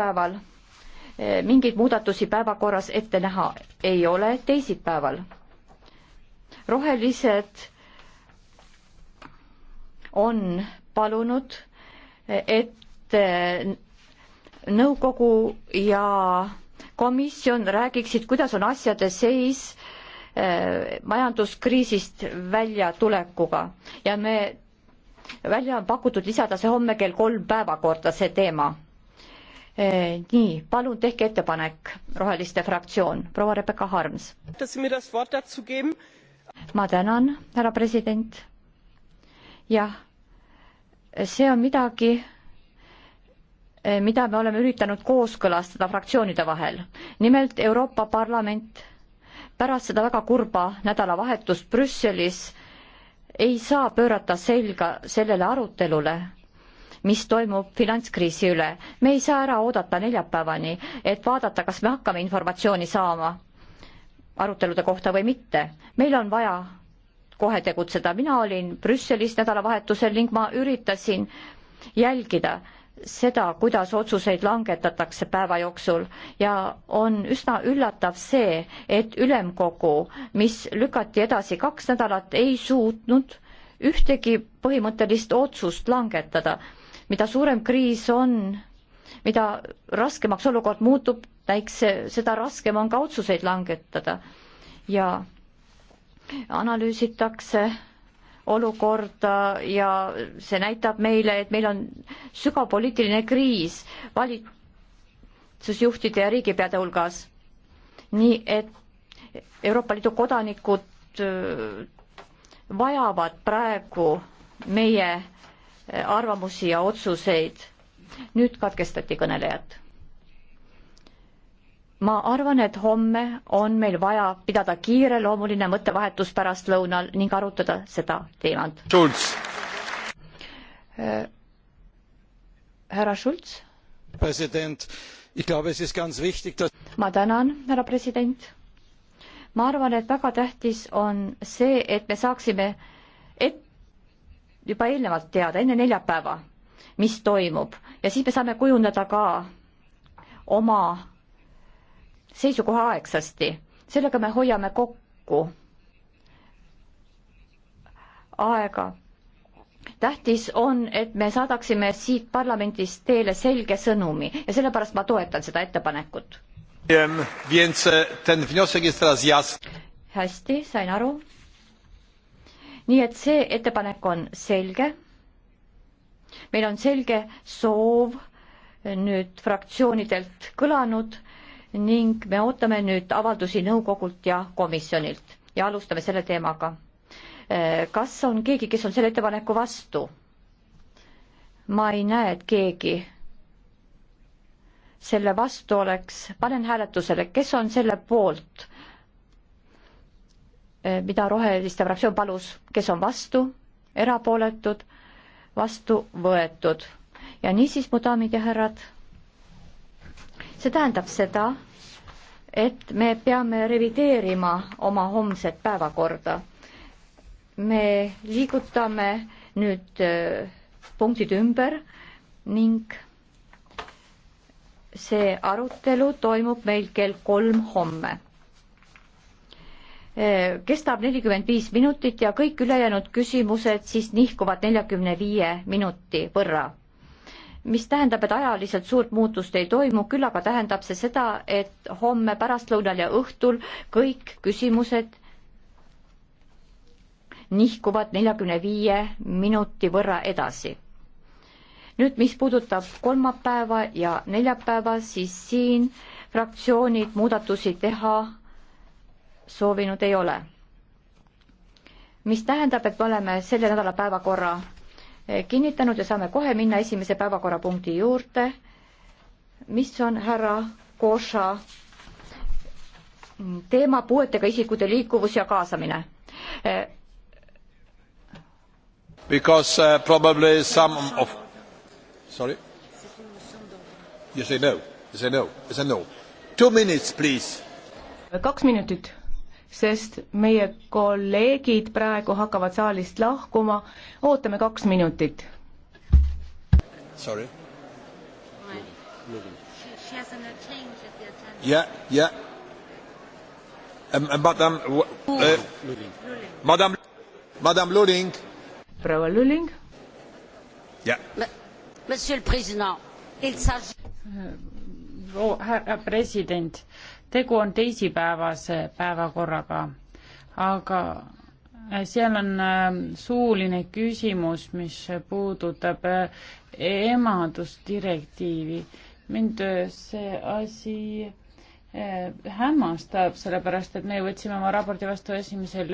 päeval eh, mingeid muudatusi päevakorras ette näha ei ole teisipäeval. rohelised on palunud, eh, et eh, nõukogu ja komisjon räägiksid, kuidas on asjade seis majanduskriisist väljatulekuga ja me välja on pakutud lisada see homme kell kolm päevakorda, see teema Eh, nii, palun tehke ettepanek, Roheliste fraktsioon, proua Rebecca Harms. ma tänan, härra president. jah, see on midagi, eh, mida me oleme üritanud kooskõlastada fraktsioonide vahel. nimelt Euroopa Parlament pärast seda väga kurba nädalavahetust Brüsselis ei saa pöörata selga sellele arutelule mis toimub finantskriisi üle. me ei saa ära oodata neljapäevani, et vaadata, kas me hakkame informatsiooni saama arutelude kohta või mitte. meil on vaja kohe tegutseda. mina olin Brüsselis nädalavahetusel ning ma üritasin jälgida seda, kuidas otsuseid langetatakse päeva jooksul ja on üsna üllatav see, et ülemkogu, mis lükati edasi kaks nädalat, ei suutnud ühtegi põhimõttelist otsust langetada mida suurem kriis on, mida raskemaks olukord muutub, eks seda raskem on ka otsuseid langetada ja analüüsitakse olukorda ja see näitab meile, et meil on sügav poliitiline kriis valitsusjuhtide ja riigipeade hulgas. nii et Euroopa Liidu kodanikud äh, vajavad praegu meie arvamusi ja otsuseid. nüüd katkestati kõnelejat. ma arvan, et homme on meil vaja pidada kiireloomuline mõttevahetus pärastlõunal ning arutada seda teemat. Äh, härra Schulz. president, dass... ma tänan, härra president. ma arvan, et väga tähtis on see, et me saaksime ette juba eelnevalt teada, enne neljapäeva, mis toimub ja siis me saame kujundada ka oma seisukoha aegsasti. sellega me hoiame kokku aega. tähtis on, et me saadaksime siit parlamendist teile selge sõnumi ja sellepärast ma toetan seda ettepanekut. hästi, sain aru nii et see ettepanek on selge. meil on selge soov nüüd fraktsioonidelt kõlanud ning me ootame nüüd avaldusi nõukogult ja komisjonilt ja alustame selle teemaga. Äh, kas on keegi, kes on selle ettepaneku vastu? ma ei näe, et keegi selle vastu oleks. panen hääletusele, kes on selle poolt Eh, mida Roheliste fraktsioon palus, kes on vastu, erapooletud, vastu võetud. ja niisiis, mu daamid ja härrad, see tähendab seda, et me peame revideerima oma homset päevakorda. me liigutame nüüd eh, punktid ümber ning see arutelu toimub meil kell kolm homme kestab nelikümmend viis minutit ja kõik ülejäänud küsimused siis nihkuvad neljakümne viie minuti võrra. mis tähendab, et ajaliselt suurt muutust ei toimu, küll aga tähendab see seda, et homme pärastlõunal ja õhtul kõik küsimused nihkuvad neljakümne viie minuti võrra edasi. nüüd, mis puudutab kolmapäeva ja neljapäeva, siis siin fraktsioonid muudatusi teha soovinud ei ole. mis tähendab, et me oleme selle nädala päevakorra eh, kinnitanud ja saame kohe minna esimese päevakorrapunkti juurde, mis on härra Koša mm, teema puuetega isikute liikuvus ja kaasamine. Eh, Because uh, probably some of sorry yes I know yes I know yes I know two minutes please kaks minutit sest meie kolleegid praegu hakkavad saalist lahkuma. ootame kaks minutit. Sorry. She has an change at the agenda. Yeah, yeah. Um, uh, madam, uh, madam, madam Luling. Proua Luling. Yeah. Monsieur le Président, il s'agit. Äh, oh, härra president tegu on teisipäevase päevakorraga, aga äh, seal on äh, suuline küsimus, mis puudutab äh, emadusdirektiivi. mind see asi hämmastab, sellepärast et me võtsime oma raporti vastu esimesel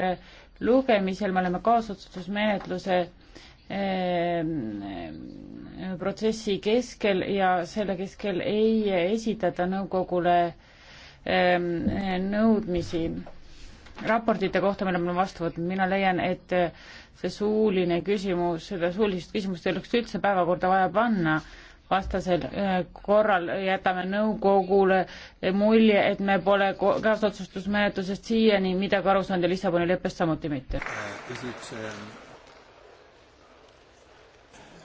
lugemisel, me oleme kaasotsustusmenetluse protsessi keskel ja selle keskel ei esitata nõukogule äh, Ähm, nõudmisi raportite kohta, mille me oleme vastu võtnud, mina leian, et äh, see suuline küsimus, seda suulist küsimust ei oleks üldse päevakorda vaja panna, vastasel äh, korral jätame nõukogule äh, mulje, et me pole kaasotsustusmenetlusest siiani midagi aru saanud ja Lissaboni leppest samuti mitte.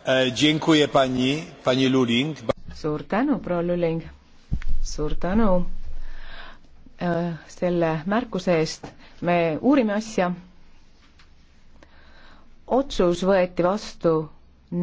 Um, suur tänu, proua Luling, suur tänu Äh, selle märkuse eest, me uurime asja. otsus võeti vastu